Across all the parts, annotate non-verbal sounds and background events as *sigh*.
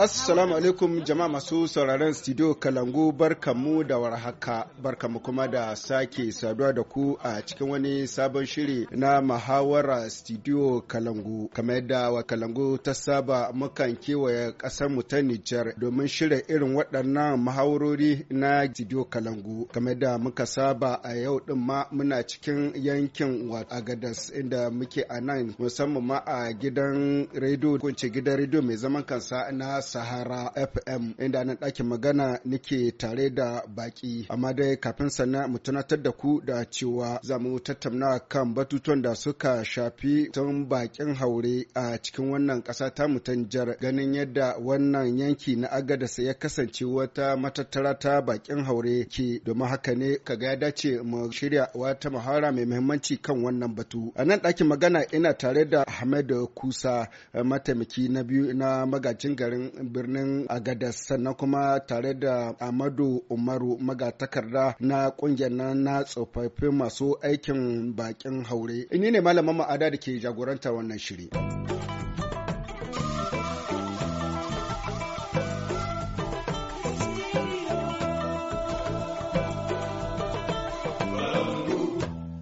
Assalamu alaikum jama'a masu sauraron studio Kalangu barkamu da warhaka barkamu kuma da sake saduwa da ku a cikin wani sabon shiri na mahawara studio Kalangu kamar yadda wa Kalangu ta saba mukan kewaye kasar mu ta Nijar domin shirya irin waɗannan mahawarori na studio Kalangu kamar yadda muka saba a yau din ma muna cikin yankin Agadas inda muke a nan musamman ma a gidan rediyo ko gidan rediyo mai zaman kansa na Sahara FM inda nan ɗakin magana nike tare da baƙi. Amma dai kafin sana mu tunatar da ku da cewa za mu tattauna kan batutuwan da suka shafi tun bakin haure a cikin wannan ƙasa ta jar. ganin yadda wannan yanki na Agadas ya kasance wata matattara ta baƙin haure ke domin haka ne kaga ya dace mu shirya wata muhawara mai muhimmanci kan wannan batu. A nan ɗakin magana ina tare da Ahmed Kusa mataimaki na biyu na magajin garin birnin agadas sannan kuma tare da amadu umaru magatakarda na kungiyar nan na tsofaffin masu aikin bakin haure ni ne malamin ma'ada da ke jagorantar wannan shiri.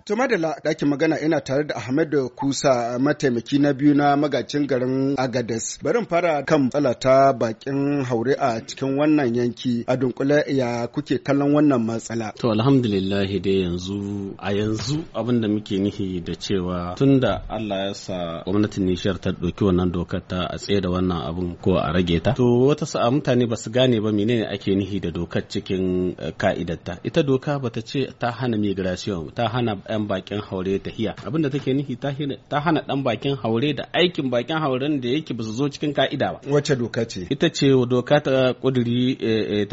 To da ɗakin magana ina tare da Ahmed Kusa mataimaki na biyu na magacin garin Agades. Barin fara kan matsala ta bakin haure a cikin wannan yanki a dunkule ya kuke kallon wannan matsala. To alhamdulillah dai yanzu a yanzu abin da muke nihi da cewa tunda Allah ya sa gwamnatin nishiyar ta ɗauki wannan dokar ta a tsaye da wannan abun ko a rage ta. To wata sa'a mutane ba su gane ba menene ake nihi da dokar cikin eh, ka'idarta. Ita doka bata ce ta hana migration ta hana eh, ɗan bakin haure tahiya abin da take nufi ta hana ɗan bakin haure da aikin bakin hauren da yake ba su zo cikin ka'ida ba wacce doka ce ita ce doka ta kuduri 36 eh,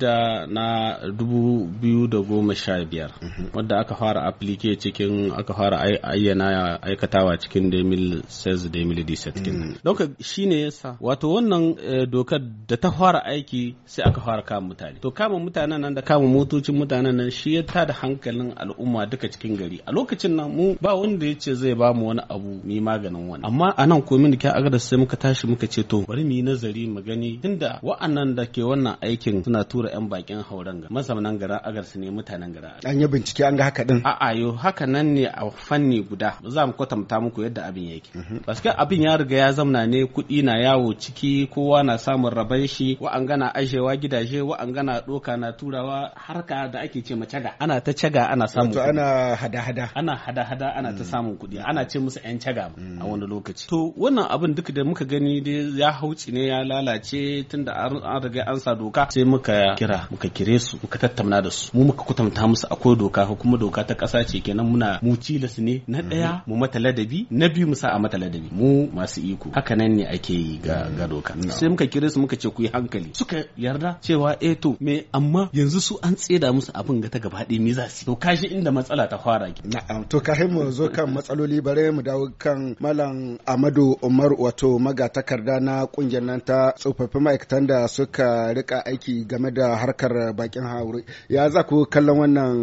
eh, na 2015 mhm. wadda aka fara aplike cikin aka fara ayyana aikatawa cikin 2016 kin dauka shine yasa wato wannan eh, dokar da ta fara aiki sai aka fara kama mutane to kama mutanen nan da kama motocin mutanen nan shi ya tada hankalin al'umma duka cikin gari a lokacin nan mu ba wanda ya ce zai ba mu wani abu mai maganin wani amma a nan komin da kyan agadar sai muka tashi muka ce to bari mu yi nazari mu gani tunda wa'annan da ke wannan aikin suna tura yan bakin hauren ga mazaunan garin agar su ne mutanen gara. an yi bincike an ga haka din a yo haka nan ne a fanni guda za mu kwatanta muku yadda abin yake paske mhm. abin ya riga ya zamna ne kuɗi na yawo ciki kowa na samun raban shi wa'an gana ajewa gidaje wa'an gana doka na turawa harka da ake ce caga. ana ta caga ana samu. ana hada-hada ana hada-hada ana ta mm. samun kuɗi ana ce musu 'yan caga a mm. wani lokaci to wannan abin duk da muka gani dai ya hauci ne ya lalace tunda an riga an sa doka sai muka kira muka kire su muka tattauna da su mu muka kwatanta musu akwai doka ko kuma doka ta ƙasa ce kenan muna mu cilas ne na mm-hmm. ɗaya mu mata ladabi na biyu mu sa a mata ladabi mu masu iko haka nan ne ake yi ga mm. ga doka sai muka kire su muka ce ku yi hankali suka yarda cewa eh to me amma yanzu su an tseda musu abin ga ta gaba ɗaya me za su to kashi inda matsala ta fara ki. na'am to ka mu zo kan matsaloli bare mu dawo kan malam Amadu Umar wato magatakarda na kungiyar nan ta tsofaffin ma'aikatan da suka rika aiki game da harkar bakin haure ya za ku kallon wannan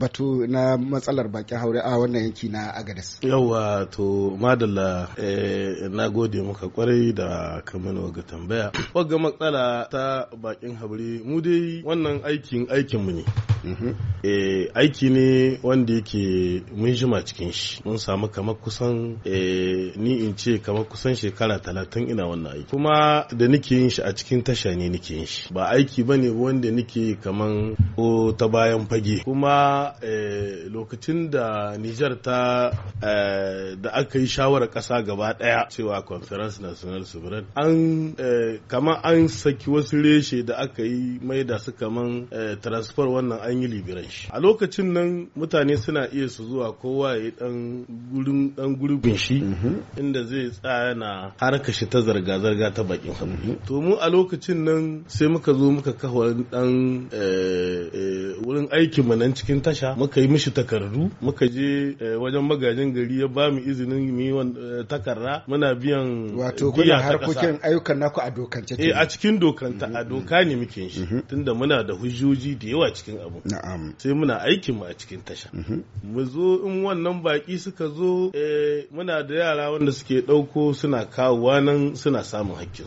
batu na matsalar bakin haure a wannan yanki na Agadez Yawwa to madalla eh, na gode maka kwarai da kamar ga tambaya wagga matsala ta bakin haure mu dai wannan aikin aikin mu ne Mm -hmm. aiki ne wani wanda yake mun jima cikin shi mun samu kamar kusan eh, ni in ce kamar kusan shekara talatin ina wannan aiki kuma da nake yin shi a cikin tasha ne nake yin shi ba aiki ba ne wanda nake kamar ko ta bayan fage kuma eh, lokacin da Nijar ta eh, da aka yi shawarar kasa gaba ɗaya cewa conference national sovereign an kamar an saki wasu reshe da aka yi mai da su kamar transfer wannan an yi shi a lokacin nan mutane mutane suna iya su zuwa kowa ya dan gurin dan gurbin shi mhm. inda zai tsaya na harkar shi ta zarga zarga ta bakin hannu mhm. to mu a lokacin nan sai muka zo muka kawo dan eh, eh, wurin aikin mu nan cikin tasha muka yi mishi takardu muka je eh, wajen magajin gari ya ba mu izinin mu yi takarda muna biyan wato kuna harkokin ayyukan naku a dokance eh a cikin dokanta a mhm. doka ne muke shi tunda muna da hujjoji da yawa cikin abu na'am sai muna aikin mu a cikin tasha mu zo in wannan baki suka zo eh, muna da yara wanda suke dauko suna kawowa nan suna samun su.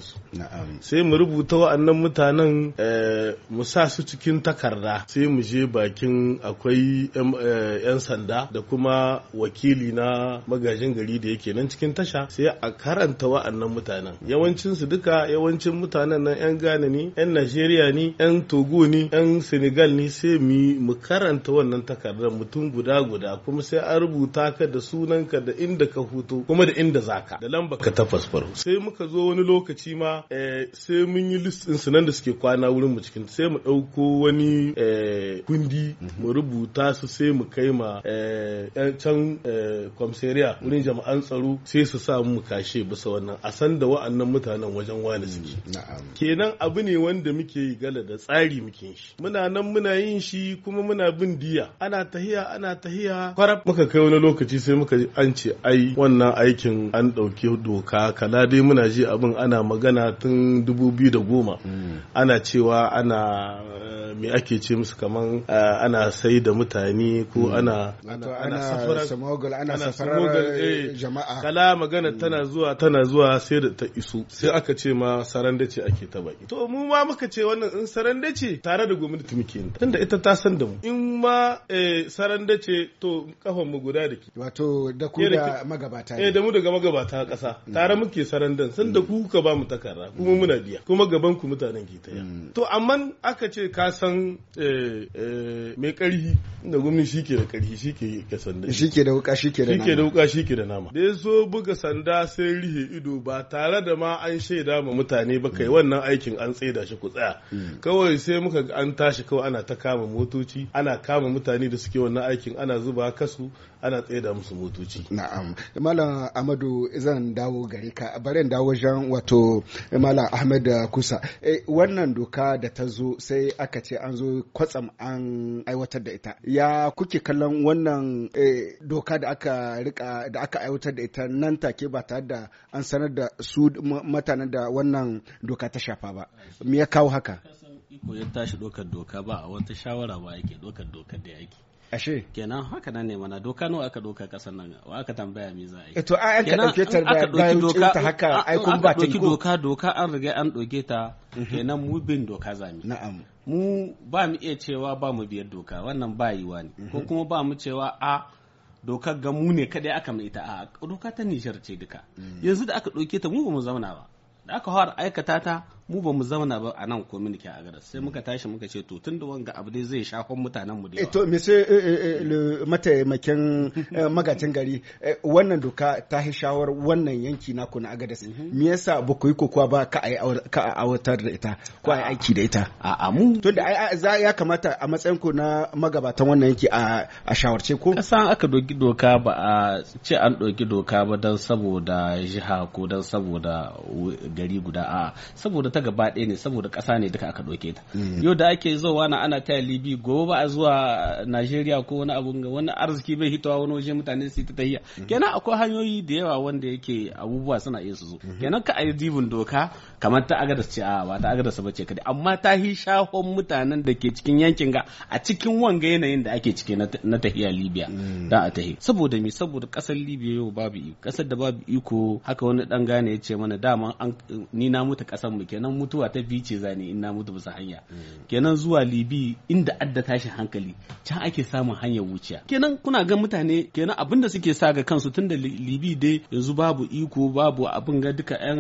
sai mu rubuta wa'annan mutanen eh, mu sa su cikin takarda sai mu je bakin akwai 'yan eh, sanda da kuma wakili na magajin gari da yake nan cikin tasha sai a karanta wa'annan mutanen yawancinsu duka yawancin mutanen nan 'yan Ghana ne 'yan Najeriya ne 'yan Togo ne 'yan Senegal ne sai mu karanta wannan takardar mu Tun guda guda kuma sai an rubuta ka da sunanka da inda ka hutu kuma da inda zaka da lamba ka ta fasfar sai muka zo wani lokaci ma eh, sai mun yi list din sunan da suke kwana wurin mu cikin sai mu dauko wani eh, kundi mu rubuta su sai mu kai ma eh, can kwamseriya wurin jama'an tsaro sai su sa mu kashe bisa wannan a san da wa'annan mutanen wajen wani suke mm, kenan abu ne wanda muke gala da tsari muke shi muna nan muna yin shi kuma muna bin diya ana tahiya tahiya ana tahiya kwarab muka kai wani lokaci sai muka an ce ai wannan aikin an ɗauki doka kala dai muna ji abin ana magana tun goma. Hmm. ana cewa ana eh, me ake ce musu kaman eh, ana sai da mutane ko hmm. ana ana safarar eh, jama'a kala magana hmm. tana zuwa tana zuwa sai da ta isu sai aka ce ma saranda ce ake ta baki to mu ma muka ce wannan in saranda ce tare da gwamnati muke yin tunda ita ta san da mu in ma zaran da ce to kafan mu guda da ke wato da ku da magabata eh da mu daga magabata kasa mm. tare muke sarandan san da mm. ku ka ba mu takarda kuma muna biya kuma gaban ku mutanen ke taya mm. to amma aka ce ka san eh, eh, mai karhi da gwamnati shike da karhi shike ka sanda shike da wuka shike da nama shike da wuka shike da nama da yaso buga sanda sai rihe ido ba tare da ma an shaida ma mutane ba kai wannan aikin an tsaida shi ku tsaya kawai sai muka an tashi kawai ana ta kama motoci ana kama mutane da suke wannan wannan aikin ana zuba kasu ana tsaye da musu motoci na'am malam amadu zan dawo gare ka bari dawo wajen wato malam ahmed kusa e, wannan doka da ta zo sai aka ce an zo kwatsam an aiwatar da ita ya kuke kallon wannan e, doka da aka rika da aka aiwatar da ita nan take ba tare da an sanar da su mutanen da wannan doka ta shafa ba me ya kawo haka iko ya tashi dokar doka ba a wata shawara ba yake dokar dokar da yake ashe kenan haka nan ne mana doka nawa aka doka kasan nan wa aka tambaya me za a yi eh, to an ka dauke ta bayan doka ta haka ai kun ba ta doka doka an riga an doke ta mhm. kenan mu bin doka zami na'am mu ba mu iya cewa ba mu biyar doka wannan ba yiwa ne ko mhm. kuma ba mu cewa a dokar ga mu ne kadai aka mai ita a doka ta Nijar ce duka mm. yanzu da aka doke ta mu ba mu zauna ba da aka fara aikata ta mu ba mu zauna ba a nan community a garas sai muka tashi muka ce to tun da wanga abu dai zai shafon mutanen mu da eh, to me sai eh, eh, mataimakin magacin gari wannan doka ta yi shawar wannan yanki na na agadas mhm. me yasa ba ku yi kokowa ba ka a awatar da ita ko a aiki da ita a mu tun da ya kamata a matsayin ku na magabatan wannan yanki a shawarce ko kasan aka doki doka ba a ce an doki doka ba don saboda jiha ko don saboda gari guda a saboda ta gaba ɗaya ne saboda ƙasa ne duka aka ɗauke ta hmm. yau da ake zowa na ana taya libi gobe ba a zuwa najeriya ko wani abun wani arziki bai hitowa wani waje mutane su ta tahiya hmm. kenan akwai hanyoyi da yawa wanda yake abubuwa suna iya su zo hmm. kenan ka ayi dibin doka kamar ta agadas ce a ba ta agadas ba ce kadai amma ta hi shahon mutanen da ke cikin yankin ga a cikin wanga yanayin da ake ciki na tahiya libya da a tahi saboda me saboda ƙasar libya yau babu iko ƙasar da babu iko haka wani dan gane ya ce mana dama ni na mutu ƙasar mu kenan san mutuwa ta biyu ce zane in na mutu bisa hanya mm. kenan zuwa libi inda adda tashi hankali can ake samun hanyar wuciya kenan kuna ga mutane kenan abin da suke sa ga kansu tunda libi dai yanzu babu iko babu abin ga duka yan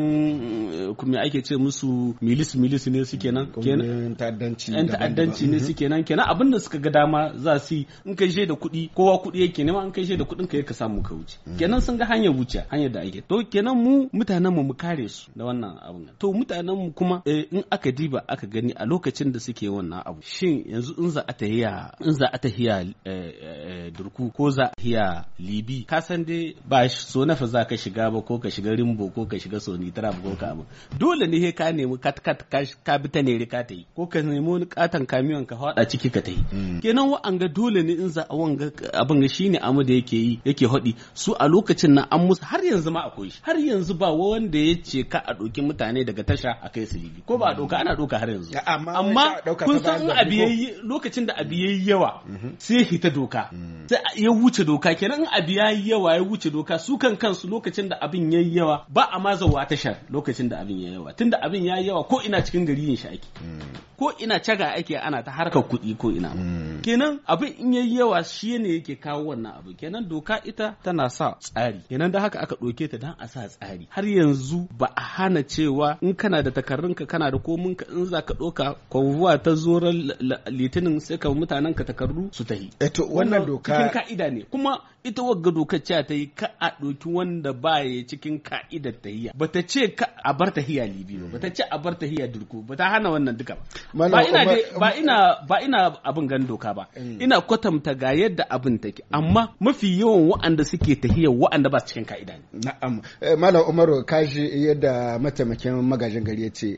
eh, kuma ake ce musu milis milis ne suke nan kenan ta'addanci ne mm-hmm. suke nan kenan abin da suka ga dama za su in kai da kuɗi kowa kuɗi yake nema in kai shaida kuɗin ka ka samu ka wuce mm. kenan sun ga hanyar wuciya hanyar da ake to kenan mu mutanen mu mu kare su da wannan abin to mutanen mu kuma eh, in aka diba aka gani a lokacin da suke wannan abu shin yanzu in za a hiya in za a hiya eh, eh, durku ko za a hiya libi ka san dai ba so nafa za ka shiga ba ko ka shiga rimbo ko ka shiga soni trap ko ka abu dole ne ka nemi kat kat ka bi ta ne ka ta yi ko ka nemi wani katan kamiyon ka hada ciki ka ta yi hmm. kenan ga dole ne in za a wanga abin shine amu da yake yi yake hodi su a lokacin nan an musu har yanzu ma akwai shi har yanzu ba wanda ya ce ka a ɗauki mutane daga tasha a kai kai su ko ba a ɗauka ana doka har yanzu amma kun san abu lokacin da abu yayi yawa mhm. sai fita doka mm. sai ya wuce doka kenan abu yi yawa ya wuce doka su kan kansu lokacin da abin yayi yawa ba a ma zawa tashar lokacin da abin yayi yawa tunda abin yayi yawa ko ina cikin gari yin shi ake mm. ko ina caga ake ana ta harkar kuɗi ko ina hmm. kenan abin in yayi yawa shi ne yake kawo wannan abu kenan doka ita tana sa tsari kenan da haka aka ɗauke ta dan a sa tsari har yanzu ba a hana cewa in kana da takarrunka kana da komin ka in za ka ɗauka kwanvuwa ta zoran litinin sai ka mutanen ka takardu su tahi eto eh wannan doka cikin ka'ida ne kuma ita wagga doka ce ta yi ka a ɗauki wanda ba ya cikin ka'idar tahiya ta ce ka a bar tahiya libi ba ta ce a bar tahiya durku ta hana wannan duka ba ba ina ba ina ba ina abin gan doka ba eh. ina kwatanta ga yadda abin take amma mafi yawan wa'anda suke tahiya wa'anda ba su cikin ka'ida ne na'am eh, malam umaru kaji yadda mataimakin magajin gari ya ce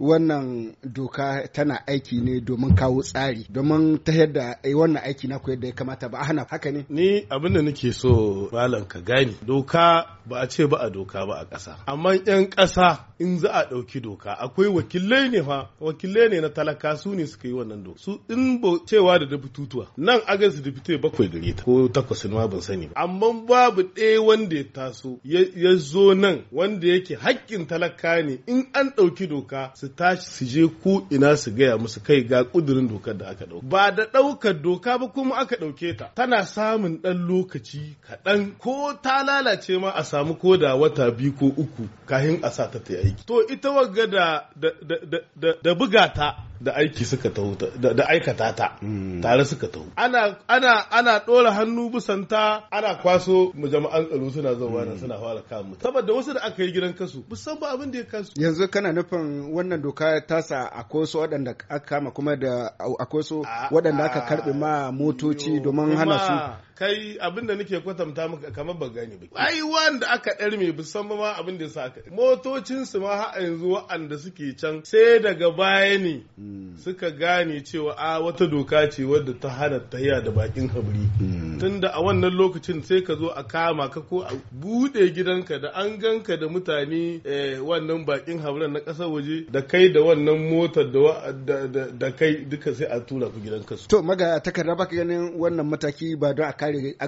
wannan doka tana aiki ne domin kawo tsari domin ta yadda eh, wannan aiki na yadda ya kamata ba hana haka ne ni abin da nake so malam ka gani doka ba a ce ba a doka ba a ƙasa amma 'yan ƙasa in za a ɗauki doka akwai wakilai ne fa wakilai ne na talaka su ne suka yi wannan doka su in bo cewa da dabitutuwa nan agas dabitue bakwai gare ta ko takwas ma ban sani ba amma babu ɗaya wanda ya taso ya zo nan wanda yake haƙƙin talaka ne in an ɗauki doka su tashi su je ko ina su gaya musu kai ga ƙudurin dokar da aka ɗauka ba da ɗaukar doka ba kuma aka ɗauke ta tana samun ɗan lokaci kaɗan ko ta lalace ma a samu ko da wata biyu ko uku kahin a sa ta ta aiki to ita wagga da da da buga ta da aiki suka taho da aikata ta hmm. tare suka taho ana ana ana dora hannu busanta ana kwaso mu jama'an tsaro suna zauwa na hmm. suna fara mu saboda wasu da aka yi gidan kasu musan ba abin da ya kasu yanzu kana nufin wannan doka sa akwai su waɗanda aka kama kuma da akwai su waɗanda aka karbe ma motoci domin hana su kai abin da nake kwatanta maka kamar ba gane ba ai wanda aka dar me bu san ma abin da yasa motocin su ma har yanzu wa'anda suke can sai daga baya ne hmm. suka gane cewa a wata doka ce wadda ta hana tahiya da bakin habri hmm. tunda a wannan lokacin sai ka zo a kama ka ko a bude gidanka da an ganka da mutane eh, wannan bakin habran na kasar waje da kai da wannan motar da da kai duka sai a tura ku gidan to magaya takarda baka ganin wannan mataki ba don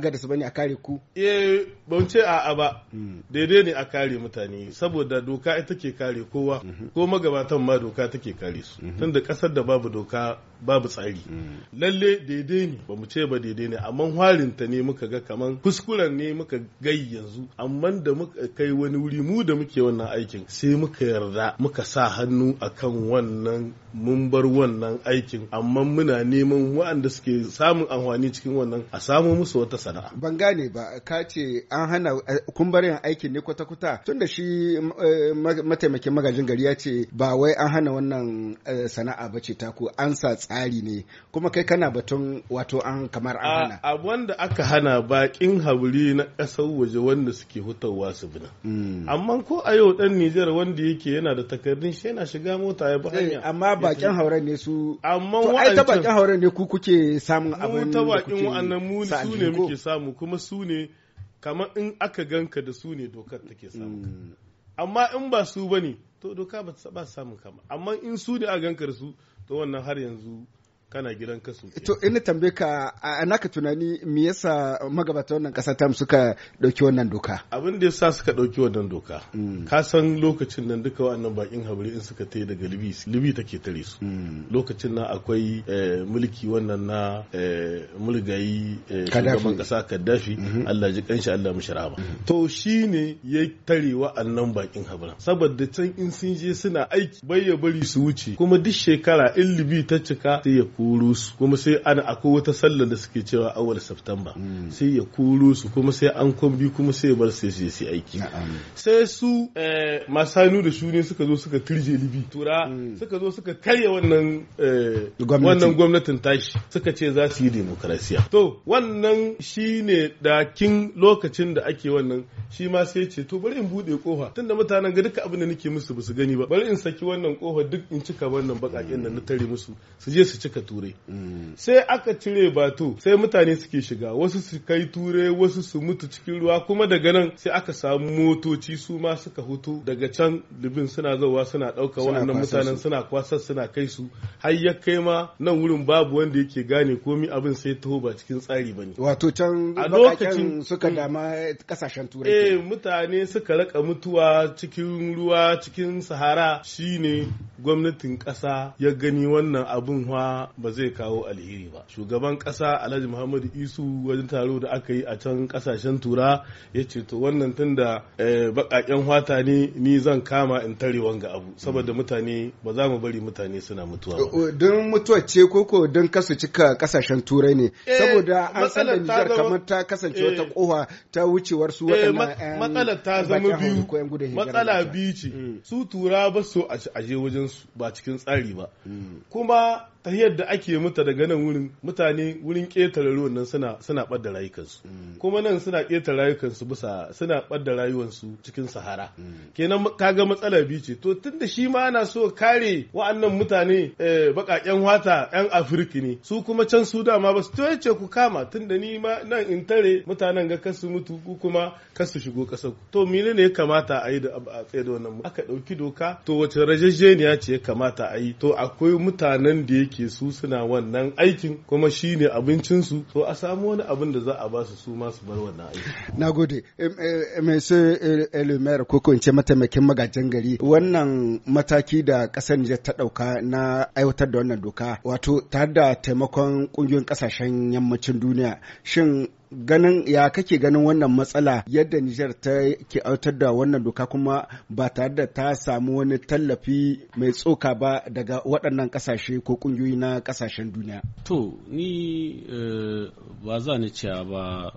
kare su bane a kare ku eh ban ce a ba hmm. daidai ne a kare mutane saboda doka ita ke kare kowa mhm. ko magabatan ma doka take kare su mhm. tunda kasar da babu doka babu tsari lalle daidai ne ba mu ce ba daidai ne amma ta ne muka ga kaman kuskuren ne muka gai yanzu amma da muka kai wani wuri mu da muke wannan aikin sai muka yarda muka sa hannu akan wannan mun bar wannan aikin amma muna neman waɗanda suke samun amfani cikin wannan a samu musu wata sana'a ban gane ba ka ce an hana kun bar yin aikin ne kwata-kwata tunda shi eh, mataimakin magajin gari ya ce ba wai an hana wannan eh, sana'a ba ce ku an sa tsari ne kuma kai kana batun wato an kamar an hana a wanda aka hana bakin hauri na ƙasar waje wanda suke hutawa su bina hmm. amma ko a yau dan Nijar wanda yake yana da takardun shi yana shiga mota ya eh, hanya amma bakin hauren ne su amma ai ta bakin hauren ne ku kuke samun abin ta bakin wa'annan mu su ne muke samu kuma su ne kamar in aka ganka da su ne dokar take samu hmm. amma in ba su bane to doka ba ta samun kama amma in su ne a gankar su to wannan har yanzu kana gidan kasu to ina tambaye ka ka tunani me yasa magabata wannan kasa tam suka dauki wannan doka abin da yasa suka dauki wannan doka mm. ka san lokacin nan duka wannan bakin habri in suka tayi daga libi libi take tare su mm. lokacin nan akwai eh, mulki wannan na eh, mulgayi eh, shugaban kasa kaddafi mm-hmm. Allah ji kanshi Allah mishi mm-hmm. to shine ya tare wa'annan bakin habara saboda can in sun je suna aiki bayya bari su wuce kuma duk shekara in libi ta cika sai ya kuro su kuma sai ana akwai wata sallar da suke cewa awal septamba hmm. sai ya kuro su kuma sai an kwambi kuma sai ya bar sai su yi aiki sai su eh, masu hannu da shuni suka zo suka turje libi tura hmm. suka zo suka karya wannan eh, wannan gwamnatin tashi suka ce za su yi demokrasiya to wannan shine dakin lokacin da ake wannan shi ma sai ce to bari in bude kofa tunda mutanen ga duka abin da nake musu ba su gani ba bari in saki wannan kofa duk in cika wannan bakakin nan na tare musu su je su cika turai mm. sai aka cire bato sai mutane suke shiga wasu su kai turai wasu su mutu cikin ruwa kuma daga nan sai aka samu motoci su ma suka hutu daga can dubin suna zauwa suna ɗauka wannan mutanen suna kwasar suna kai su har ya kai ma nan wurin babu wanda yake gane komi abin sai taho ba cikin tsari bane wato can a lokacin suka mm. dama kasashen turai eh, mutane suka raka mutuwa cikin ruwa cikin sahara shine gwamnatin ƙasa ya gani wannan abin wa ba zai kawo alheri ba shugaban ƙasa alhaji muhammadu isu wajen taro da aka yi a can ƙasashen tura ya ce to wannan tun da eh, baƙaƙen hwata ne ni zan kama in tare wanga abu saboda mutane ba za mu bari mutane suna mutuwa eh, don mutuwa ce koko don kasu cika ƙasashen turai ne eh, saboda an san da nijar kamar ta kasance wata koha ta wucewar su waɗannan matsalar ta zama biyu matsala biyu ce hmm. su tura ba so a je wajen su ba cikin tsari ba hmm. kuma ta yadda ake mata daga nan wurin mutane wurin ƙetare ruwan nan suna suna ɓadda rayukansu mm. kuma nan suna ƙetare rayukansu bisa suna ɓadda rayuwansu cikin sahara mm. kenan kaga matsala biyu ce to tunda shi ma ana so kare wa'annan mutane eh, baƙaƙen wata 'yan afirki ne su kuma can su dama ba su to yace ku kama tunda ni ma nan in tare mutanen ga kasu mutu ku kuma kasu shigo ƙasar ku to ne ya kamata a yi da a tsaye da wannan aka ɗauki doka to wace rajajjeniya ce ya kamata a yi to akwai mutanen da yake yake su suna wannan aikin kuma shi ne abincinsu to a samu wani abin da za a ba su su masu bar wannan aiki. Na gode, eh, eh, eh, Mese Elumer ko mataimakin magajin gari wannan mataki da ƙasar Nijar ta ɗauka na aiwatar da wannan doka wato tare da taimakon ƙungiyoyin ƙasashen yammacin duniya shin ganin ya kake ganin wannan matsala yadda Nijar ta ke autar da wannan doka kuma ba tare da ta samu wani tallafi mai tsoka ba daga waɗannan ƙasashe ko ƙungiyoyi na ƙasashen duniya. To ni eh, ba za ni cewa ba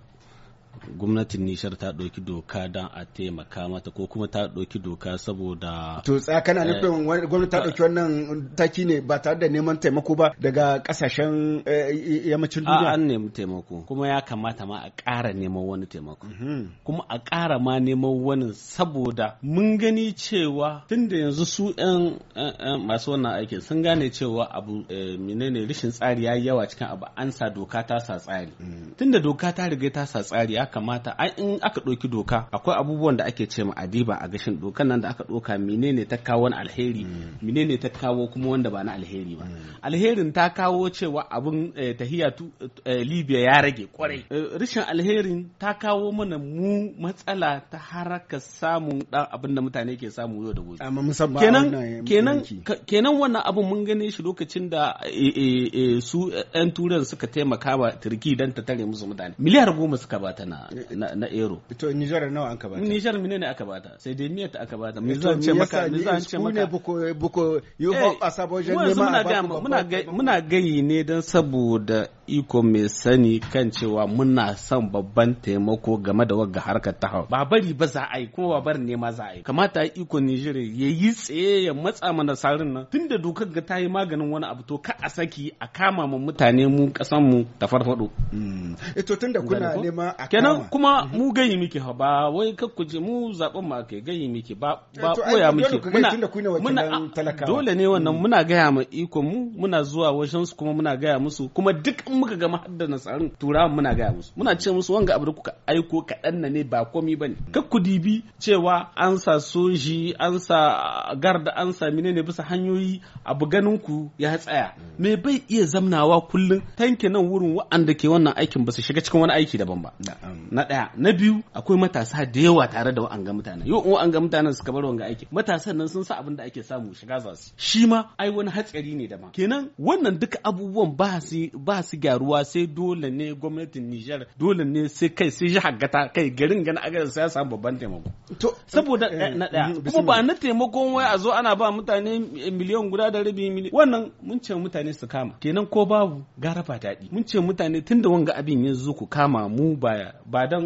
gwamnatin nishar ta ɗauki doka don a taimaka mata ko kuma ta ɗauki doka saboda to tsakana eh, nufin gwamnati ta ɗauki wannan taki ne ba tare da neman taimako ba daga kasashen eh, yammacin duniya an nemi taimako kuma ya kamata ma a ƙara neman wani taimako mm-hmm. kuma a ƙara ma neman wani saboda mun gani cewa tun da yanzu su 'yan masu wannan aikin sun gane cewa abu eh, menene rashin tsari ya yawa cikin abu an sa doka ta sa tsari mm. tun da doka ta riga ta sa tsari ya kamata in aka ɗauki doka akwai abubuwan da ake ce ma adiba a gashin dokan nan da aka ɗauka menene ta kawo alheri mm. menene ta kawo kuma wanda ba na alheri ba mm. alherin ta kawo cewa abin eh, tahiya eh, libya ya rage kwarai mm. eh, rashin alherin ta kawo mana mu matsala ta haraka samun dan abin da mutane ke samu yau da gobe kenan kenan kenan wannan abin mun gane shi lokacin da su yan turan suka taimaka wa turki dan ta tare musu mutane miliyar goma suka ba na. na na ero to Niger nawa an ka bata Niger mene ne aka bata sai dai miyar ta aka bata mu zan ce maka mu zan ce maka ne buko buko yo you eh, hope a sabon jami'a muna ga muna gayi ne dan saboda iko mai sani kan cewa muna son babban taimako game da wagga harkar ta ba bari ba za a yi ko ba bari ne ma za a yi kamata iko Nijar ya yi tsaye ya matsa mana sarin nan tunda dokar ga ta yi maganin wani abu to ka a saki a kama mu mutane mu kasan mu ta farfado hmm. eh, to tunda kuna nema a kama. kenan kuma mhm. mu gayi miki ha ba wai kuje mu zaɓen ma kai gayi miki ba eh, ba koya miki muna muna dole ne wannan hmm. muna gaya ma iko mu muna zuwa wajen su kuma muna gaya musu kuma duk muka ga mahadda nasarin turawan muna gaya musu muna ce musu wanga abu da kuka aiko kaɗan na ne ba komi ba ne kak ku dibi cewa an sa soji an sa garda an sa menene bisa hanyoyi abu ganin ku ya tsaya me bai iya zamnawa kullum tanke nan wurin wa'anda ke wannan aikin ba su shiga cikin wani aiki daban ba na ɗaya na biyu akwai matasa da yawa tare da wa'anga mutane yau in wa'anga mutanen suka bar wanga aiki matasan nan sun sa abin da ake samu shiga za su shi ma ai wani hatsari ne daban kenan wannan duka abubuwan ba su ba su gyaruwa sai dole ne gwamnatin Nijar dole ne sai kai sai shi haggata kai garin gana agar sai ya samu babban taimako saboda eh, eh, na ɗaya eh, kuma ba na taimakon wai a zo ana ba mutane miliyan guda da rabi miliyan wannan mun ce mutane su kama kenan ko babu gara ba daɗi mun ce mutane tun da wanga abin ya zo ku kama mu baya ba dan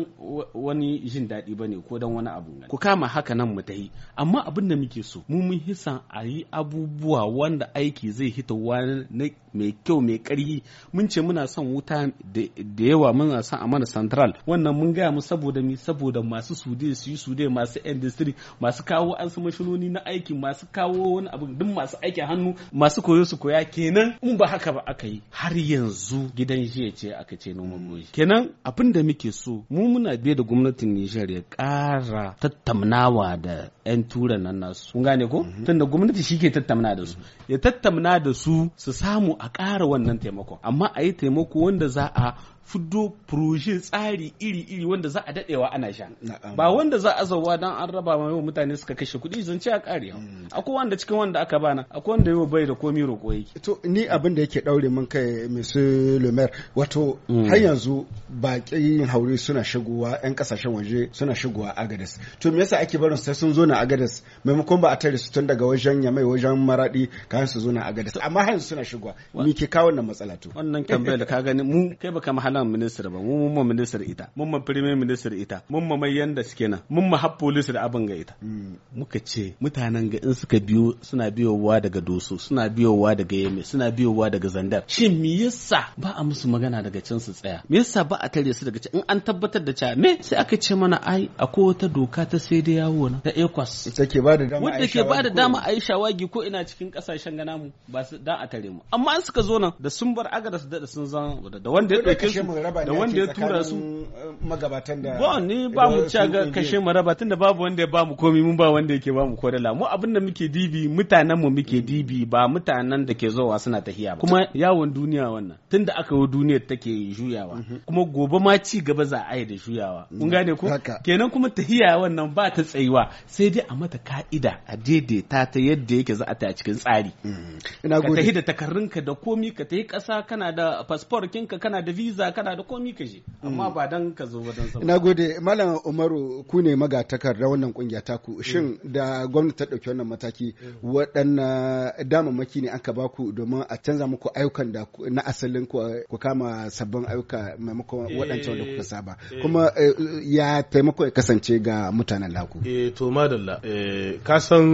wani jin daɗi ba ne ko dan wani abu ku kama haka nan mu yi. amma abin da muke so mu mun hisan a yi abubuwa wanda aiki zai hitowa na mai kyau mai ƙarhi mun ce muna son wuta da yawa muna son a mana central wannan mun gaya mu saboda mi saboda masu sude su yi sude masu industry masu kawo an su mashinoni na aiki masu kawo wani abu duk masu aikin hannu masu koyo su koya kenan in ba haka ba aka yi har yanzu gidan jiya ce aka ce noman goji kenan abin da muke so mu muna biye da gwamnatin Nijar ya ƙara tattamnawa da 'yan tura nan nasu kun gane ko mhm. tunda gwamnati shi ke tattauna da su mhm. ya tattauna da su su samu a ƙara wannan taimakon amma a yi taimako wanda za a fuddo projet tsari iri-iri wanda za a dadewa ana sha ba wanda za a zauwa dan an raba ma yau mutane suka kashe kuɗi ce a ƙari akwai wanda cikin wanda aka bana akwai wanda yau bai da komi roƙo yake to ni abin da yake daure min kai monsieur le wato hmm. har yanzu baƙin haure suna shigowa yan kasashen waje suna shigowa agadas to me yasa ake barin sai sun zo na agadas maimakon ba a tare su tun daga wajen mai wajen maradi kayan su zo na agadas amma har yanzu suna shigowa ni ke kawo wannan matsala to wannan bai da ka gani mu kai baka mahala muna minister ba mun mun ma minister ita mun ma premier minister ita mun ma mai yanda suke nan mun ma har police da abin ga ita hmm. muka ce mutanen ga in suka biyo suna biyowa daga doso suna biyowa daga yeme suna biyowa daga zandar shin me yasa ba a musu magana daga can su tsaya me yasa ba a tare su daga can in an tabbatar da cewa me sai aka ce mana ai akwai wata doka ta sai da yawo na ta ecos ita ke ba da dama wanda ke ba da dama aisha yi shawagi ko ina cikin kasashen gana mu ba su dan a tare mu amma an suka zo nan da sun bar agadas da sun zan da wanda ya dauke su mu raba da wanda ya tura su eh, magabatan da ba ni ba mu ci ga kashe mu raba tunda babu wanda ya ba mu komi mun ba wanda yake ba mu dala mu abin da muke dibi mutanen mu muke mm. dibi ba mutanen da ke zuwa suna tahiya ba kuma yawon duniya wannan tunda aka yi duniya take juyawa mm-hmm. kuma gobe ma ci gaba za a yi da juyawa kun mm. gane ko kenan kuma tahiya wannan ba ta tsayuwa sai dai a mata ka'ida a daidaita ta yadda yake za a ta cikin tsari mm. ina ka tahi da takarrunka da komi ka tahi kasa kana da passport kinka kana da visa kana da komi ka je mm. amma ba dan ka zo ba dan sama nagode malam Umaru ku ne da wannan kungiya ku? Mm. shin da gwamnati ta dauki wannan mataki dama mm. damammaki ne aka ku domin a canza muku ayyukan da na asalin ku kama sabbin ayyuka maimakon waɗancan da kuka saba eh, eh. kuma eh, ya taimako ya kasance ga mutanen laku eh to madalla eh ka san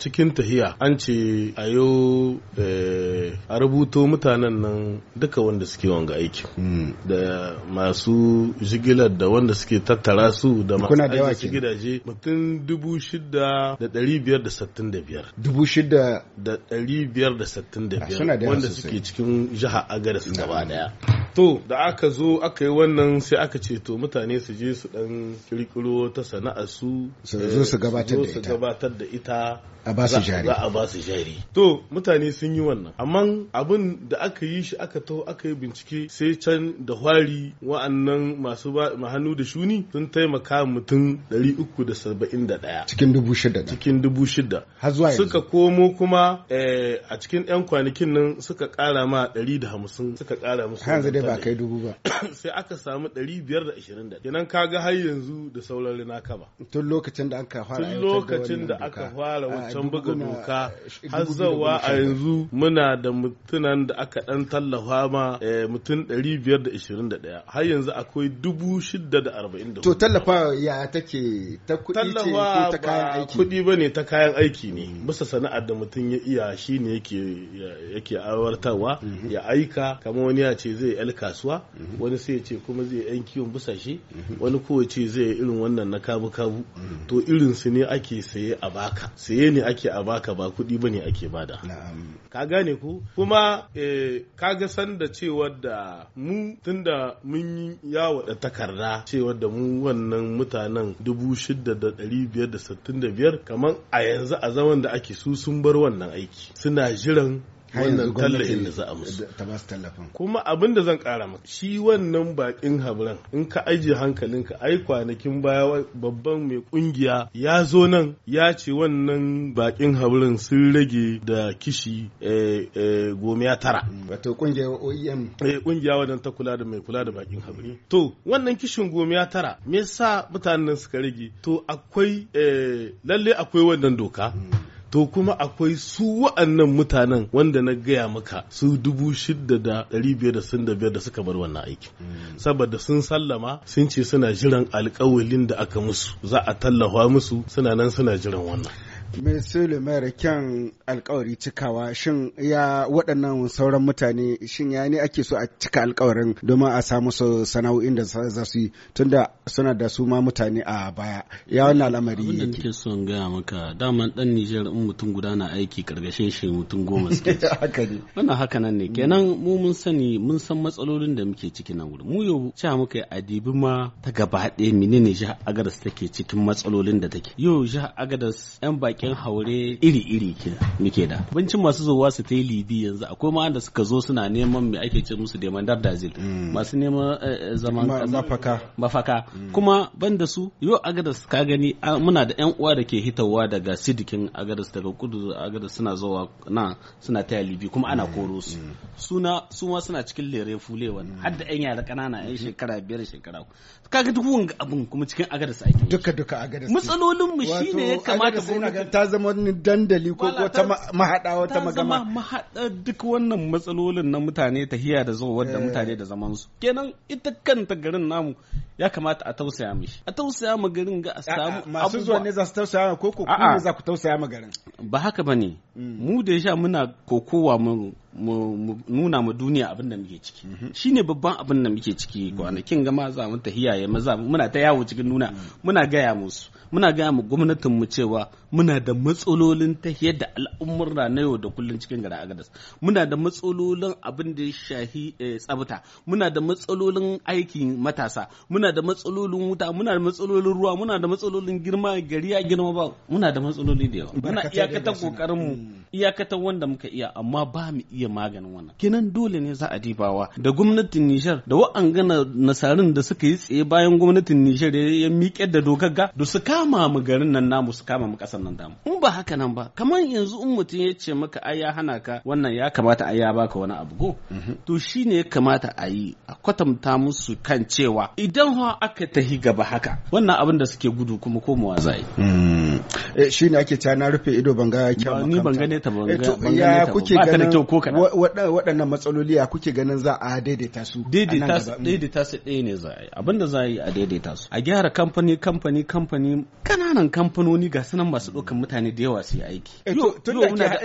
cikin tahiya an ce a yau a rubuto mutanen nan duka wanda suke wanga aiki da masu jigilar da wanda suke tattara su da masu ajiye gidaje mutum dubu shida da ɗari biyar da sattin da biyar dubu shida da ɗari biyar da sattin da ah, biyar wanda suke cikin jiha su gaba daya to da aka zo aka yi wannan sai aka ce to mutane su je su dan kirkiro ta sana'a su su zo su eh, gabatar da ita a ba su jari za a ba su jari to mutane sun yi wannan amma abin da aka yi shi aka taho aka yi bincike sai can da hwari wa'annan masu hannu da shuni sun taimaka mutum 371 cikin dubu shida cikin dubu shida har zuwa suka komo kuma eh, a cikin yan kwanakin nan suka kara ma 150 suka kara musu yanzu dai ba kai dubu ba *coughs* sai aka samu 520 kenan kaga har yanzu da sauran rina ba. tun lokacin da aka fara tun lokacin da aka fara can buga doka har zawa a yanzu muna da mutunan da aka dan tallafa ma eh, mutum 521 har yanzu akwai 644 to tallafa ya take ta kuɗi ce ko ta kayan aiki kuɗi bane ta kayan aiki ne bisa sana'ar da mutum ya iya shine yake yake awartarwa mhm. ya aika kamar wani ya ce zai yi kasuwa mhm. wani sai ya ce kuma zai yan kiwon busashe mhm. wani kowace zai yi irin wannan na kabu kabu to irin su ne ake saye a baka saye ne ake a baka ba kuɗi ba bane ake bada ka gane ku kuma eh, ka ga san da cewar da mu tun da mun yi yawo da takarda cewar da mu wannan mutanen dubu shida da ɗari biyar da sittin da biyar kamar a yanzu a zaman da ake su sun bar wannan aiki suna jiran wannan tallafin da za a musu ta ba su tallafin kuma abin da zan kara maka shi wannan bakin habran in ka ajiye hankalinka ai kwanakin baya babban mai kungiya ya zo nan ya ce wannan bakin habran sun rage da kishi eh, eh, gomiya tara wato kungiyar OEM eh kungiya wadanda ta kula da mai kula da bakin habri to wannan kishin gomiya tara me yasa mutanen suka rage to akwai eh, lalle akwai wannan doka hmm. to kuma akwai su wa'annan mutanen wanda na gaya maka su dubu shida da ɗari biyar da sun da biyar da suka bar wannan aiki mm. saboda sun sallama sun ce suna jiran alkawalin da aka musu za a tallafa musu suna nan suna jiran wannan Mai le maire kyan alkawari cikawa shin ya waɗannan sauran mutane shin ya ne ake so a cika alkawarin domin a samu su sana'o'in da za su yi tunda suna da su ma mutane a baya ya wannan al'amari yake. abinda son gaya maka daman dan Nijar in mutum guda na aiki karkashin shi mutum goma suke. *laughs* Haka ne. Wannan haka nan ne mm. kenan mu mun sani mun san matsalolin da muke ciki nan wurin. Mu yau cewa muka yi adibi ma ta gaba ɗaya menene jihar Agadas take cikin matsalolin da take. Yau jihar Agadas 'yan baki bakin haure iri-iri muke da bincin masu zuwa su ta yi libi yanzu akwai ma da suka zo suna neman mai ake ce musu demandar dazil mm. masu neman eh, eh, zaman mafaka mafaka mm. kuma da su yau agadas ka gani muna da yan uwa da ke hitawa daga sidikin agadas daga kudu agadas suna zuwa na suna ta libi kuma ana mm, koro su suna su ma suna cikin lere fule wannan har da yan yara kanana yan shekara biyar shekara kaga duk abun kuma cikin agadas ake duka duka agadas matsalolin mu shine ya kamata gwamnati ta zama wani dandali ko wata mahaɗa wata magama. Ta zama mahaɗa duk wannan matsalolin na mutane tahiya da zuwa da eh. mutane da zaman su. Kenan ita kanta garin namu ya kamata a tausaya mishi. A tausaya ma garin ga a samu Masu zuwa ne za su tausaya ko ko kuma za ku tausaya ma garin. Ba haka ba ne. Mm. Mu da sha muna kokowa mu nuna ma duniya abin da muke ciki mm-hmm. shi ne babban abin da muke ciki mm. kwanakin gama za mu tahiya ya maza muna ta yawo cikin nuna mm. muna gaya musu muna gaya mu gwamnatin mu cewa muna da matsalolin ta da al'umma na yau da kullun cikin garin agadas muna da matsalolin abin da ya shahi eh, tsabta muna da matsalolin aikin matasa muna da matsalolin wuta muna da matsalolin ruwa muna da matsalolin girma gari ya girma ba muna da matsaloli da yawa muna iyakatan kokarin mu iyakatan wanda muka iya amma ba mu iya maganin wannan kenan dole ne za a dibawa da gwamnatin Nijar da wa'an gana nasarin da suka yi tsaye bayan gwamnatin Nijar ya miƙe da dokar ga da suka kama mu garin nan namu su kama mu kasar nan damu in ba haka nan ba kamar yanzu in mutum ya ce maka ai ya hana ka wannan ya kamata ai ya baka wani abu go mhm. to shine ya kamata a yi a kwatanta musu kan cewa idan ha aka tahi gaba haka wannan abin da suke gudu kuma komawa zai mm. eh, shi ne ake ta na rufe ido banga kyau ni banga ne ta banga eh, ya kuke ganin waɗannan matsaloli ya kuke ganin za a daidaita su daidaita su mm. daidaita su ɗaya ne za a yi abin da za a yi a daidaita su a gyara kamfani kamfani kamfani kananan kamfanoni ga sunan masu ɗaukan mutane da yawa su yi aiki. Eh,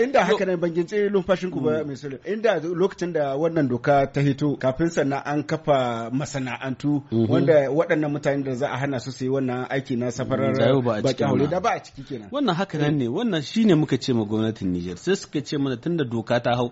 inda haka ne ban gince lumfashin ku ba mm. mai sulu inda lokacin da wannan doka ta hito kafin sannan an kafa masana'antu mhm. wanda waɗannan mutane da za a hana su su yi wannan aiki na safarar baƙi haure da ba a ciki kenan. Wannan haka nan ne wannan shine muka ce ma gwamnatin Niger sai suka ce mana tunda doka ta hau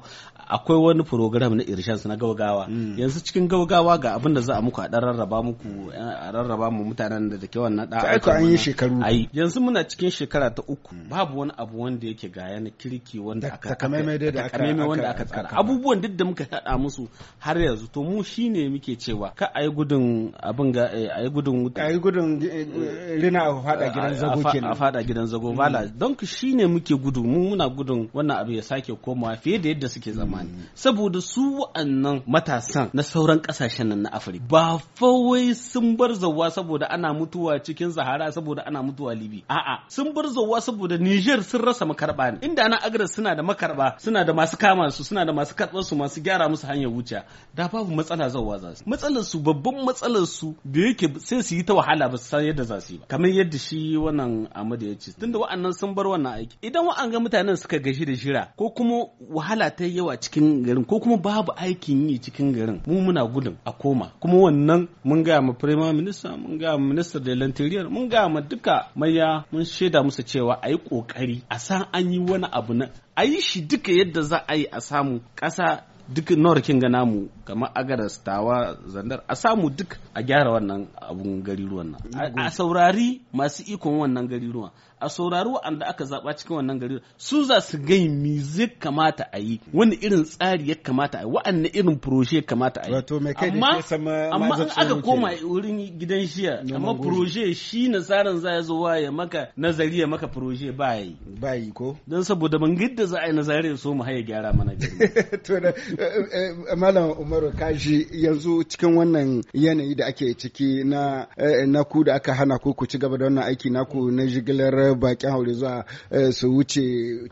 akwai wani program na irshans na gaugawa mm. yanzu cikin gaugawa ga abin da za a muku a dan rarraba muku eh, a rarraba mu mutanen da take wannan da aika an yi shekaru ai yanzu muna cikin shekara ta uku mm. babu wani abu wanda yake ga yana kirki wanda aka da takamaimai wanda aka tsara abubuwan duk da muka hada musu har yanzu to mu shine muke cewa ka ayi gudun abin ga eh, ayi gudun wuta ayi gudun eh, rina a fada gidan zago kenan a fada gidan zago bala mm. don shine muke gudu mu muna gudun wannan abu ya sake komawa fiye da yadda suke zama tsammani mm. saboda su wa'annan matasan na sauran kasashen nan na Afirka ba fawai sun bar zawa saboda ana mutuwa cikin Sahara saboda ana mutuwa Libi a'a sun bar zawa saboda Niger sun rasa makarba ne inda na Agra suna da makarba suna da masu kama su suna da masu karɓar su masu gyara musu hanyar wuce da babu matsala zawa za su matsalar su babban matsalar su da yake sai su yi ta wahala ba su san yadda za su yi ba kamar yadda shi wannan Ahmad ya ce tunda wa'annan sun bar wannan aiki idan wa'an ga mutanen suka gaji da jira ko kuma wahala ta yawa cikin garin ko kuma babu aikin yi cikin garin mu muna gudun a koma kuma wannan mun gaya ma prime minister mun gaya ma minister da lantiriyar mun gaya ma duka maya mun shaida musu cewa a yi kokari a san an yi wani abu na a yi shi duka yadda za a yi a samu ƙasa duk norkin ga namu kamar agaras tawa zandar a samu duk a gyara wannan abun ruwan nan a saurari masu ikon wannan ruwan a saurari wa'anda aka zaba cikin wannan gari su za su gai mi zai kamata a yi wani irin tsari ya kamata a yi wa'anne irin furoshe ya kamata a yi amma amma in aka koma wurin gidan shiya amma furoshe shi na tsarin za ya zo ya maka nazari ya maka furoshe ba yi ba yi ko don saboda ban gidda za a yi nazari ya so mu haya gyara mana gari *laughs* to eh, eh, eh, malam umar Umaru kaji yanzu cikin wannan yanayi da ake ciki na eh, naku da aka hana ku ku ci gaba da wannan aiki naku na jigilar bakin haure zuwa eh, su wuce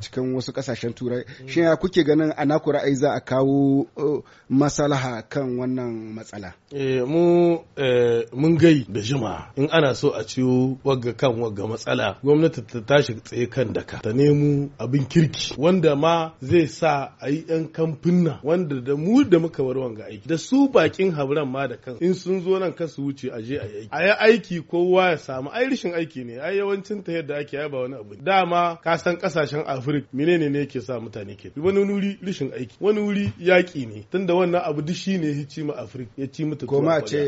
cikin wasu kasashen turai shin ya kuke ganin a naku ra'ayi za a kawo eh, masalaha kan wannan matsala mu mun gai da jima in ana so a ciwo wagga kan wagga matsala gwamnati ta tashi tsaye kan daka ta nemo abin kirki wanda ma zai sa a yi 'yan kamfinna wanda da mu da muka bar ga aiki da su bakin habran ma da kan in sun zo nan kasu wuce aje a yi aiki a yi aiki kowa ya samu ai rishin aiki ne ai yawancin ta yadda ake ai ba wani abu dama ka san kasashen afirka menene ne yake sa mutane ke wani wuri rishin aiki wani wuri yaki ne tunda wannan abu duk shine ya ci ma afirka ya ci mutu kuma ce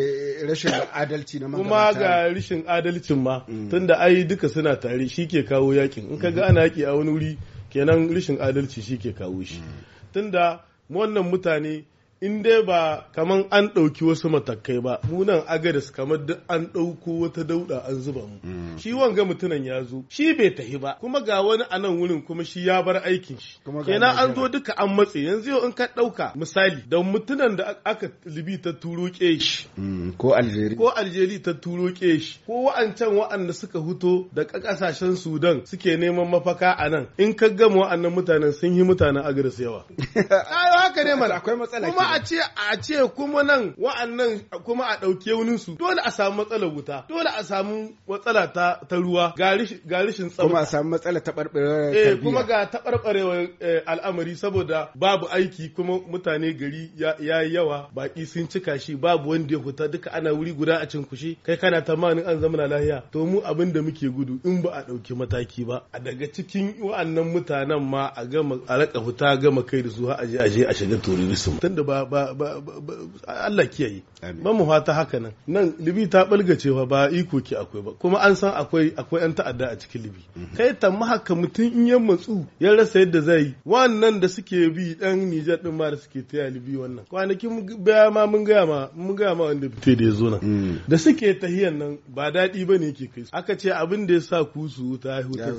rashin adalci na kuma ga rishin adalcin ma mm. tunda ai duka suna tare shi ke kawo yakin in ka ga ana yaki a wani wuri kenan rishin adalci shi ke kawo shi mm. tunda wannan mutane in dai ba kaman an ɗauki wasu matakai ba munan agadis kamar duk an ɗauko wata dauda an zuba mu hmm. shi wanga mutunan ya zo shi bai tahi ba kuma ga wani a nan wurin kuma shi ya bar aikin shi kenan an zo duka an matse yanzu yau in ka ɗauka misali da mutunan da aka libi ta turo shi hmm, ko aljeri ko aljeri ta turo shi ko wa'ancan wa'anda suka huto da kasashen sudan suke neman mafaka a nan in ka gama wa'annan mutanen sun yi mutanen agadis yawa *laughs* haka ne mana akwai matsala a ce a ce kuma nan wa'annan kuma a ɗauke wuninsu dole a samu matsalar wuta dole a samu matsala ta, ta ruwa ga rishin tsaro. Kuma a samu matsala taɓarɓarewar eh, kuma ga taɓarɓarewar eh, al'amari saboda babu aiki kuma mutane gari ya yi yawa baƙi sun cika shi babu wanda ya fita duka ana wuri guda a kushi kai kana tamanin an zamana lahiya to mu abin da muke gudu in ba a ɗauki mataki ba a daga cikin wa'annan mutanen ma a gama a raka fita gama kai da su har a je a shiga turirism tunda ba ba ba ba Allah kiyaye ba mu fata haka nan nan libi ta cewa ba iko ki akwai ba kuma an san akwai akwai yan ta'adda a cikin libi mhm. kai ta haka mutum in ya matsu ya rasa yadda zai yi wannan da suke bi dan Nijar din ma da suke taya libi wannan kwanakin baya ma mun gaya ma mun gaya ma wanda fite da zo nan mm. da suke tahiyan nan ba daɗi ba ne ke kai aka ce abin da ya sa ku su ta huta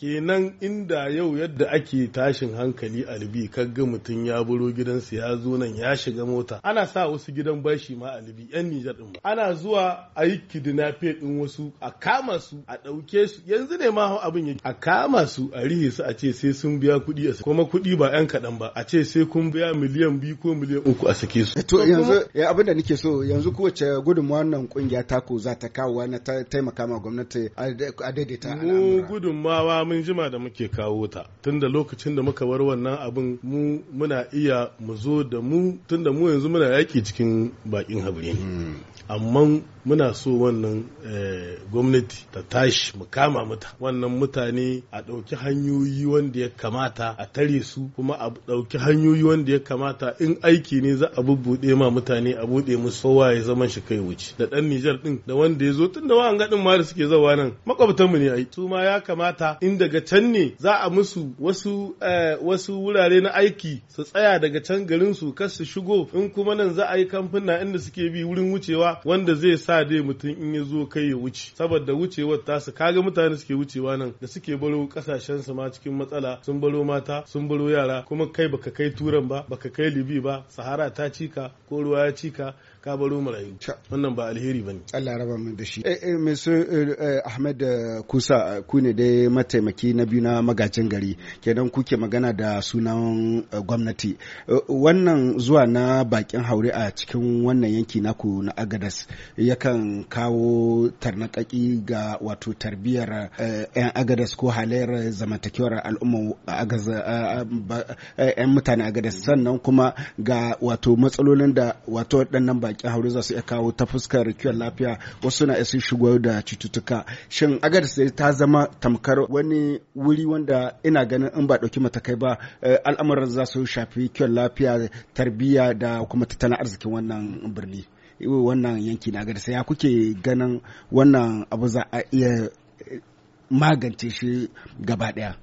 kenan inda yau yadda ake tashin hankali a libi kaga mutum ya buro gidansa ya zo nan ya shiga mota ana sa wasu gidan bashi ma alibi yan nijar din ana zuwa a yi kidnape din wasu a kama su a ɗauke su yanzu ne ma abin yake a kama su a rihe su a ce sai sun biya kuɗi a kuma kuɗi ba yan kaɗan ba a ce sai kun biya miliyan biyu ko miliyan uku a sake su. to yanzu abin da nake so yanzu kowace gudunmawa nan kungiya ko za ta kawo na taimaka ma gwamnati a daidaita mu gudunmawa mun jima da muke kawo ta tunda lokacin da muka bar wannan abin mu muna iya mu zo da mu tunda mu yanzu muna yaki cikin bakin habire hmm. amma muna so wannan eh, gwamnati ta tashi mu kama mata wannan mutane a ɗauki hanyoyi wanda ya kamata a tare su kuma a ɗauki hanyoyi wanda ya kamata in aiki ne za a bubbuɗe ma mutane a buɗe musu sowa ya zama shi kai wuce da ɗan Nijar ɗin da wanda ya zo tun da wa'an gaɗin ma da suke zawa nan mu ne ai su ma ya kamata in daga can ne za a musu wasu eh, wasu wurare na aiki su tsaya daga can garin su kar su shigo in kuma nan za a yi kamfuna inda suke bi wurin wucewa wanda zai sa sa dai mutum in ya zo kai ya wuce saboda wucewar tasa kaga mutane suke wucewa nan da suke baro kasashen su ma cikin matsala sun baro mata sun baro yara kuma kai baka kai turan ba baka kai libi ba sahara ta cika ko ruwa ya cika ka baro marayu wannan ba alheri ba ne Allah raba mu da shi eh eh Mr eh, eh, Ahmed eh, Kusa ku ne dai mataimaki na biyu na magajin gari kenan kuke magana da sunan gwamnati wannan zuwa na bakin haure a cikin wannan yanki naku na Agadas yakan kawo tarnakaki ga wato tarbiyar 'yan Agadas ko halayyar zamantakewar al'umma a yan mutane Agadas sannan kuma ga wato matsalolin da wato waɗannan ba baƙi haure za su iya kawo ta fuskar kiwon lafiya wasu na sun shigo da cututtuka shin sai ta zama tamkar wani wuri wanda ina ganin in ba ɗauki matakai ba eh, al'amuran za su shafi kiwon lafiya tarbiyya da kuma tattalin arzikin wannan birni wannan yanki na sai ya kuke ganin wannan abu za a iya eh, magance shi gaba ɗaya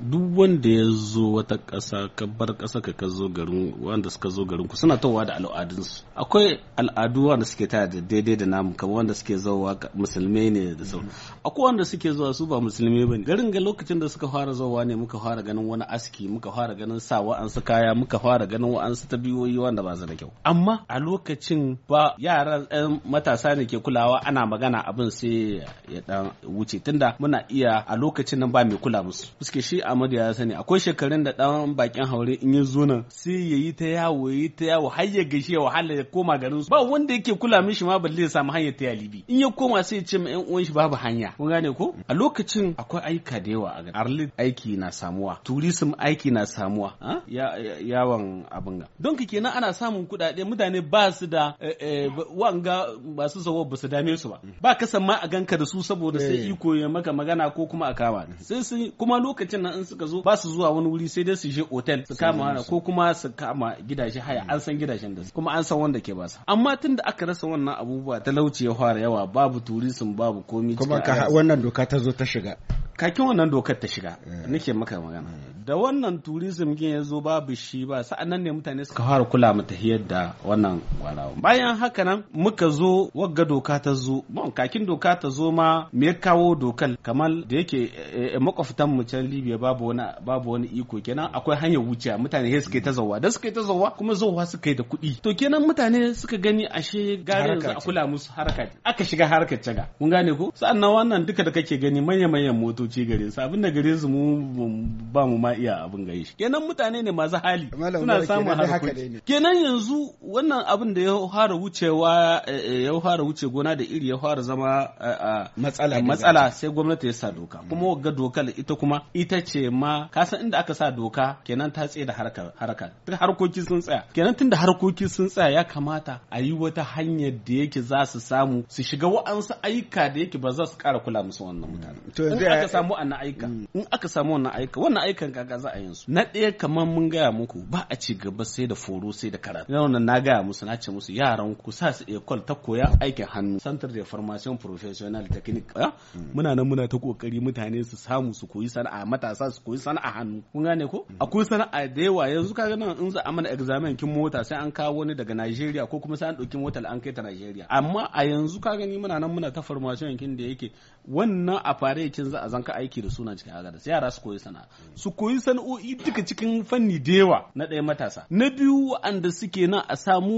duk wanda ya zo wata ƙasa ka bar ƙasa ka ka zo garin wanda suka zo garin ku suna tawa da al'adunsu akwai al'adu wanda suke ta da daidai da namu kamar wanda suke zuwa musulmi ne da sau akwai wanda suke zuwa su ba musulmi bane garin ga lokacin da suka fara zuwa ne muka fara ganin wani aski muka fara ganin sa wa'ansu kaya muka fara ganin wa'ansu biyoyi wanda ba su da kyau amma a lokacin ba ɗan matasa ne ke kulawa ana magana abin sai ya dan wuce tunda muna iya a lokacin nan ba mai kula musu suke shi Amadu ya sani akwai shekarun da dan bakin haure in ya zo nan sai ya yi ta yawo ya yi ta yawo har ya gashi ya wahala ya koma garin su ba wanda yake kula mishi ma balle ya samu hanyar ta yalibi in ya koma sai ya ce ma yan uwan shi babu hanya kun gane ko a lokacin akwai aika da yawa a garin arlit aiki na samuwa tourism aiki na samuwa ya yawan abin ga don kenan ana samun kuɗaɗe mutane ba su da eh, eh, wanga masu zawo ba su dame su ba mm. ba kasan ma a ganka da su saboda sai eh. iko ya maka magana ko kuma a kama mm. sai sun kuma lokacin nan in suka zo ba su zuwa wani wuri sai dai su je hotel su kama hana ko kuma su kama gidaje haya an san gidajen da kuma an san wanda ke ba su amma tun da aka rasa wannan abubuwa talauci ya fara yawa babu turisin babu komi kuma wannan doka ta zo ta shiga kakin wannan dokar ta shiga eh. nake maka magana eh. da wannan tourism gin ya zo babu shi ba sa'annan ne mutane suka fara kula mu tahiyar da wannan gwarawa bayan haka nan muka zo wagga doka ta zo bon kakin doka ta zo ma me kawo dokar kamar da yake eh, makwafitan mu can Libya babu wani babu wani iko kenan akwai hanyar wuce mutane sai suke ta zawa da suke ta zawa kuma zawa suka da kuɗi to kenan mutane suka gani ashe gare a kula musu haraka aka shiga harkar caga mun gane ko sa'annan wannan duka da kake gani manya manyan moto motoci gare su abin da gare su mu ba mu ma iya abin gare shi kenan mutane ne masu hali suna samun harkoki kenan yanzu wannan abin da ya fara wucewa eh, eh, ya fara wuce gona da iri ya fara zama eh, matsala matsala sai gwamnati ya sa doka mm. kuma wagga dokar ita kuma ita ce ma san inda aka sa doka kenan ta tsaye da harkar harka harkoki sun tsaya kenan tunda harkoki sun tsaya ya kamata a yi wata hanyar da yake za su samu su shiga wa'ansu ayyuka da yake ba za su kara kula musu wannan mutane to yanzu samu na aika mm. in aka samu wannan aika wannan aikan ga za a yin su na ɗaya kamar mun gaya muku ba a ci gaba sai da foro sai da karatu na na gaya musu na ce musu yaran ku sa su école ta koya aikin hannu center de formation professional technique ah, mm. muna nan muna ta kokari mutane su samu su koyi sana'a matasa su koyi sana'a hannu kun gane ko mm. akwai sana'a da yawa yanzu ga nan in za a mana examen kin mota sai an kawo wani daga Najeriya ko kuma sai an ɗauki motar an kai ta Najeriya amma a yanzu ka gani muna nan muna ta formation kin da yake wannan a aparekin za a zanka aiki da suna cikin agadas yara su koyi sana'a su koyi sana'o'i duka cikin fanni da yawa na ɗaya matasa na biyu wa'anda suke nan a samu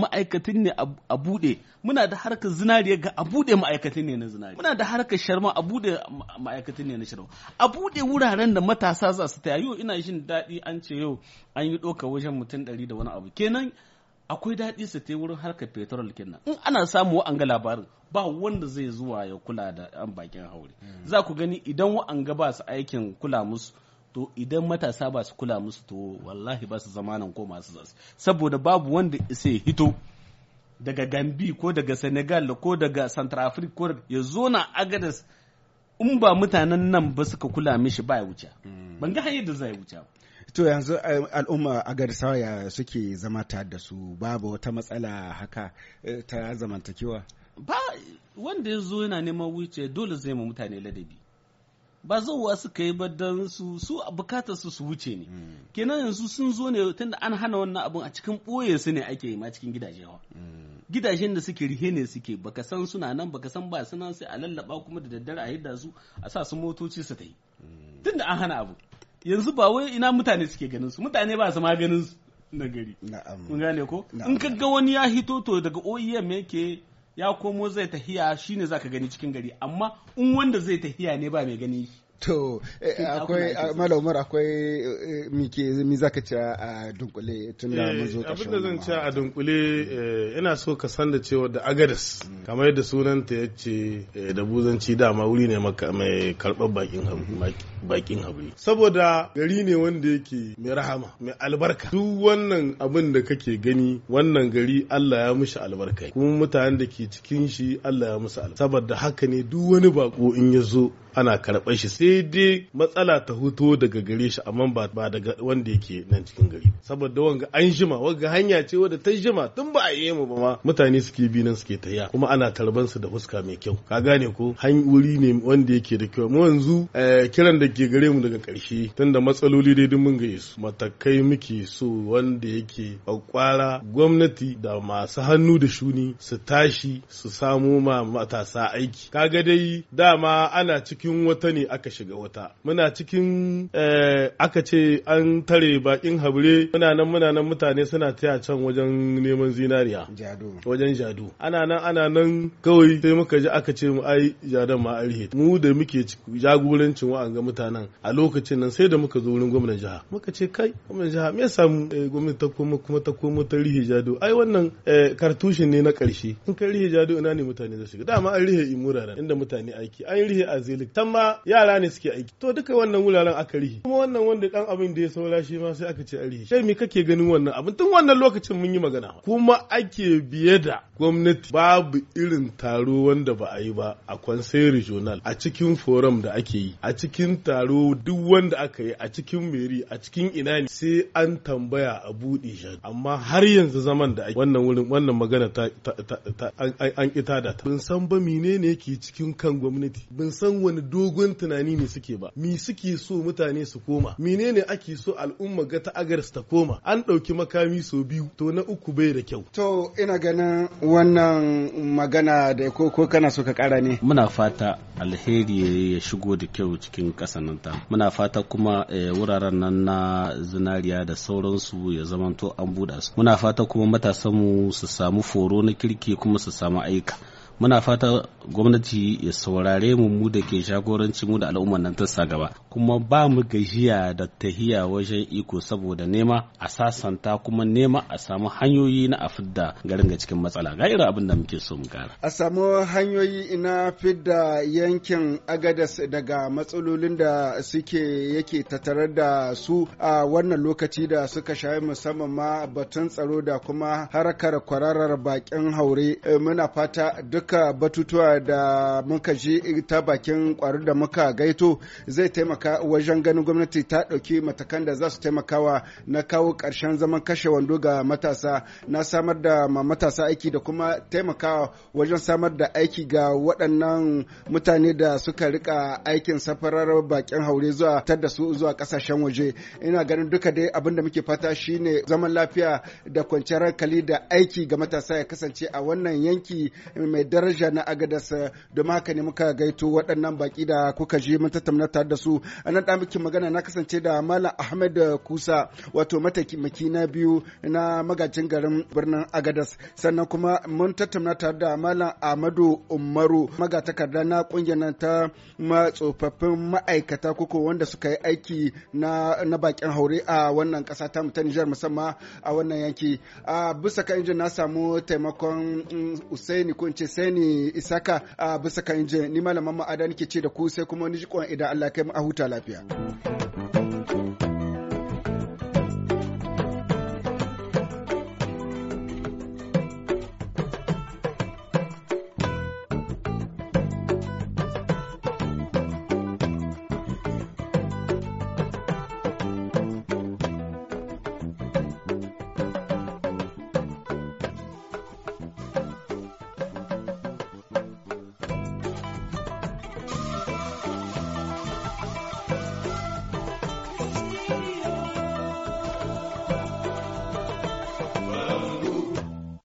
ma'aikatan ne a buɗe muna da harkar zinariya ga a buɗe ma'aikatan ne na zinariya muna da harkar sharma a buɗe ma'aikatan ne na sharma a buɗe wuraren da matasa za su ta yau ina jin daɗi an ce yau an yi ɗauka wajen mutum ɗari da wani abu kenan akwai daɗi su ta wurin harkar petrol kenan in ana samu an labarin ba wanda zai zuwa ya kula da an bakin haure hmm. za ku gani idan wa'anga ba su aikin kula musu to idan matasa ba su kula musu to wallahi ba su zamanin ko masu zasu saboda babu wanda sai hito daga gambi ko daga senegal ko daga africa ko ya zo na agadas in ba mutanen nan ba suka kula mishi ba ya wuce hmm. ban ga hanyar da zai wuce ba to yanzu eh, al'umma a garsawa suke zama ta da su babu wata matsala haka eh, ta zamantakewa ba wanda ya zo yana neman wuce dole zai ma mutane ladabi ba zauwa suka yi ba don su su bukatar su su wuce ne hmm. kenan yanzu sun zo ne tunda an hana wannan abun a cikin ɓoye su ne ake yi ma cikin gidaje wa. Hmm. gidajen da suke rihe ne suke baka san suna nan baka san ba suna sai a lallaba kuma da daddare a yadda su a sa su motoci su ta yi hmm. tunda an hana abu yanzu ba wai ina mutane suke ganin su mutane ba su ma ganin su na gari mun gane ko in ka ga wani ya hito to daga OEM yake ya komo zai tahiya shine zaka gani cikin gari amma in wanda zai tahiya ne ba mai gani shi To, eh, akwai ah, malamar akwai eh, mike mi zaka ce a dunkule tun da mun zo eh, Abin da zan ce a dunkule ina so ka san da cewa da Agadas mm. kamar yadda sunanta ya ce da buzanci dama wuri ne mai karɓar bakin hauri. Mm-hmm. Saboda gari ne wanda yake mai rahama mai albarka. Duk wannan abin da kake gani wannan gari Allah ya mushi albarka. Kuma mutanen da ke cikin shi Allah ya musu albarka. Saboda haka ne duk wani bako in ya zo ana karɓar shi sai dai matsala ta huto daga gare shi amma ba ba daga wanda yake nan cikin gari saboda wanga an jima wanga hanya ce wanda ta jima tun ba a yi mu ba mutane suke bi nan suke tayya kuma ana tarban su da fuska mai kyau ka gane ko han wuri ne wanda yake da kyau mu yanzu eh, kiran da ke gare mu daga ƙarshe tunda matsaloli dai dun mun ga su matakai muke so wanda yake kwakwara gwamnati da masu hannu da shuni su tashi su samu ma matasa aiki kaga dai dama ana cikin cikin wata ne aka shiga wata muna cikin eh, aka ce an tare bakin habire muna nan muna nan mutane suna taya can wajen neman zinariya wajen jadu ana nan ana nan kawai sai muka ji aka ce mu ai jadon ma arhe mu da muke jagorancin wa'anga mutanen a lokacin nan sai da muka zo wurin gwamnan jiha muka ce kai gwamnan jiha me yasa mu eh, gwamnati ta koma kuma ta koma ta rihe jado ai wannan eh, kartushin ne na karshe in ka rihe jado ina ne mutane za su shiga dama an rihe imura inda mutane aiki an rihe azilik can ma yara ne suke aiki to duka wannan wuraren aka rihi kuma wannan wanda dan abin da ya saura shi ma sai aka ce a rihi sai me kake ganin wannan abin tun wannan lokacin mun yi magana kuma ake biye da gwamnati babu irin taro wanda ba a yi ba a kwansai regional a cikin forum da ake yi a cikin taro duk wanda aka yi a cikin meri a cikin ina ne sai an tambaya a buɗe shi amma har yanzu zaman da wannan wurin wannan magana ta an kita da ta bin san ba menene ke cikin kan gwamnati bin san wani dogon tunani ne suke ba mi suke so mutane su koma menene ake so al'umma ga ta agar ta koma an ɗauki makami sau biyu to na uku bai da kyau to ina ganin wannan magana da ko ko kana so ka kara ne muna fata alheri ya shigo da kyau cikin ƙasar nan ta muna fata kuma eh, wuraren nan na zinariya da sauransu ya zamanto an buɗa su muna fata kuma matasanmu su samu foro na kirki kuma su samu aika muna fata gwamnati ya saurare mu mu da ke jagoranci mu da al'ummar nan tasa gaba kuma ba mu gajiya da tahiya wajen iko saboda nema a sasanta kuma nema a samu hanyoyi na afidda garin ga cikin matsala ga irin abin da muke so mu kara a samu hanyoyi ina fidda yankin agadas daga matsalolin da suke yake tattare da su a wannan lokaci da suka shayi musamman ma batun tsaro da kuma harkar kwararar bakin haure eh, muna fata duk duka batutuwa da muka ji ta bakin kwarar da muka gaito zai taimaka wajen ganin gwamnati ta ɗauki matakan da za su taimakawa na kawo ƙarshen zaman kashe wando ga matasa na samar da ma matasa aiki da kuma taimakawa wajen samar da aiki ga waɗannan mutane da suka rika aikin safarar bakin haure zuwa tar da su zuwa ƙasashen waje ina ganin duka dai abin da muke fata shine zaman lafiya da kwanciyar hankali da aiki ga matasa ya kasance a wannan yanki mai daraja na agadas eh, da haka ne muka gaito waɗannan baki da kuka je mun tattauna tare da su a nan ɗamikin magana na kasance da malam ahmed kusa wato mataimaki na biyu na magajin garin birnin agadas sannan kuma mun tattauna tare da malam Amadu umaru magatakarda na ƙungiyar ta matsofaffin ma'aikata koko wanda suka yi aiki na, na bakin haure a wannan ƙasa ta mutan nijar musamman a wannan yanki a bisa kan injin na samu taimakon mm, usaini ko in ce Hussaini Isaka a bisa kan ni malaman ma'ada nake ce da ku sai kuma wani jikon idan Allah kai mu a huta lafiya.